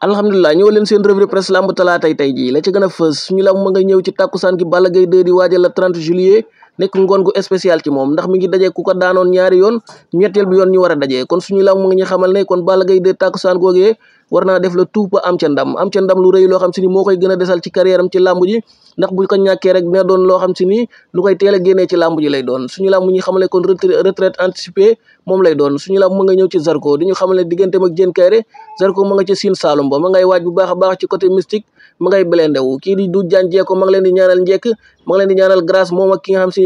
alhamdulilah ñëw leen seen revue de presse lamb talaatay tey jii la ci gën a fës suñu lamb ma nga ñëw ci tàkkusaan gi Balla Gaye 2 di waajal la 30 juillet nekk ngoon gu spécial ci moom ndax mi ngi dajee ku ko daanoon ñaari yoon ñetteel bi yoon ñu war dajee kon suñu ñu xamal ne kon Balla Gaye de tàkkusaan googee war naa def la tout nga ñëw ci Zarko di ñu xamale digganteem ak Diène Kaïré Zarko ma nga ca Sine Saloum ba ma ngay waaj bu baax a baax ci côté mystique ma ngay belendewu kii du jaan jeeko ma ngi leen di ñaanal njekk ma ngi leen di ñaanal grâce moom ak ki xam si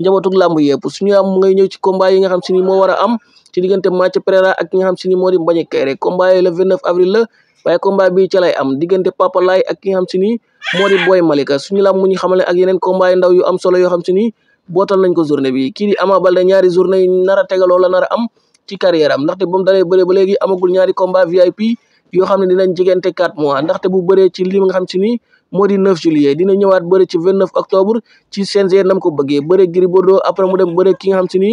njabootuk làmb yëpp suñu am ngay ñëw ci combat yi nga xam si ni moo war a am ci diggante Mathieu Pereira ak ki nga xam si ni moo di Mbagnick Kaïré combat yi le 29 avril la waaye combat bi ca am diggante Papa Laye ak ki nga xam moo di Boy Malika suñu làmb mu ñu xamale ak yeneen combat ndaw yu am solo yoo xam si ni bootal nañ ko journée bi kii di Ama Baldé ñaari journée yi nar a tegaloo la nar am ci carrière am ndaxte ba mu dalee bëree ba léegi amagul ñaari combat VIP yoo xam ne dinañ jegante 4 mois ndaxte bu bëree ci li nga xam si ni moo di 9 juillet dina ñëwaat bëri ci 29 octobre ci CNG nam ko bëggee bëri Gris Bordeaux après mu dem bëri ki nga xam si ni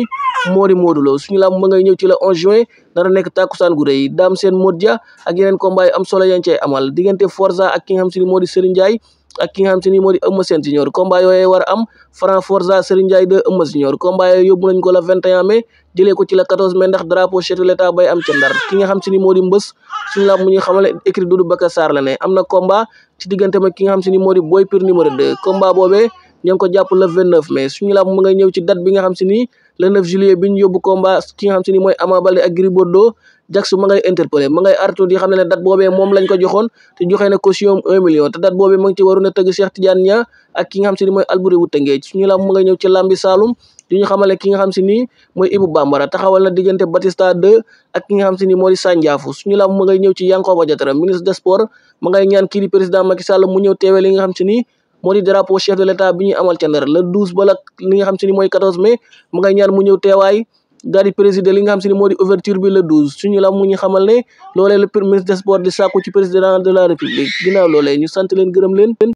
moo di Modou Lo suñu làmb ma ngay ñëw ci la 11 juin dara nekk tàkkusaan gu rëy Dame Sène Modou Dia ak yeneen combat yu am solo yañ cay amal diggante Forza ak ki nga xam si ni moo di Serigne Ndiaye ak ki nga xam te ni moo di Eumeu Sène junior combat yooyee war a am Franc Forza Serigne Ndiaye de Eumeu junior combat yooyu yóbbu nañ ko la 21 mai jëlee ko ci la 14 mai ndax drapeau chef de am ca ndar ki nga xam te ni moo di mbës suñu la mu ñuy xamal écrit Doudou Baka Sarr la ne am na combat ci diggante ma ki nga xam te ni moo di Boy Pire numéro 2 combat boobee ñoo ko jàpp le 29 mai suñu la mu ngay ñëw ci date bi nga xam te ni le 9 juillet bi ñu yóbbu combat ki nga xam ni mooy Ama Baldé ak Jax ma ngay interpellé ma ngay artu di xam ne ne date boobee moom lañ ko joxoon te joxee na un million te date boobee ma ngi ci waroon a tëgg Cheikh Tidiane Niang ki nga xam si ni mooy Alboury wu Tëngéej nga xam si Bambara taxawal na diggante Batista 2 ak ki nga xam si ni moo di Sandiafou suñu làmb ma ngay ñëw ci Yankhoba Diattara ministre des sports ma ngay ñaan kii président Macky Sall mu ñëw teewee li nga xam si ni moo di drapeau chef de l'état bi ñuy amal ca la li nga xam mooy 14 mai ma ngay ñaan daal di présider li nga xam si ne ouverture bi le 12 la mu ñu xamal ne loolee le ministre des sports président de la république ginnaaw loolee ñu sant leen gërëm leen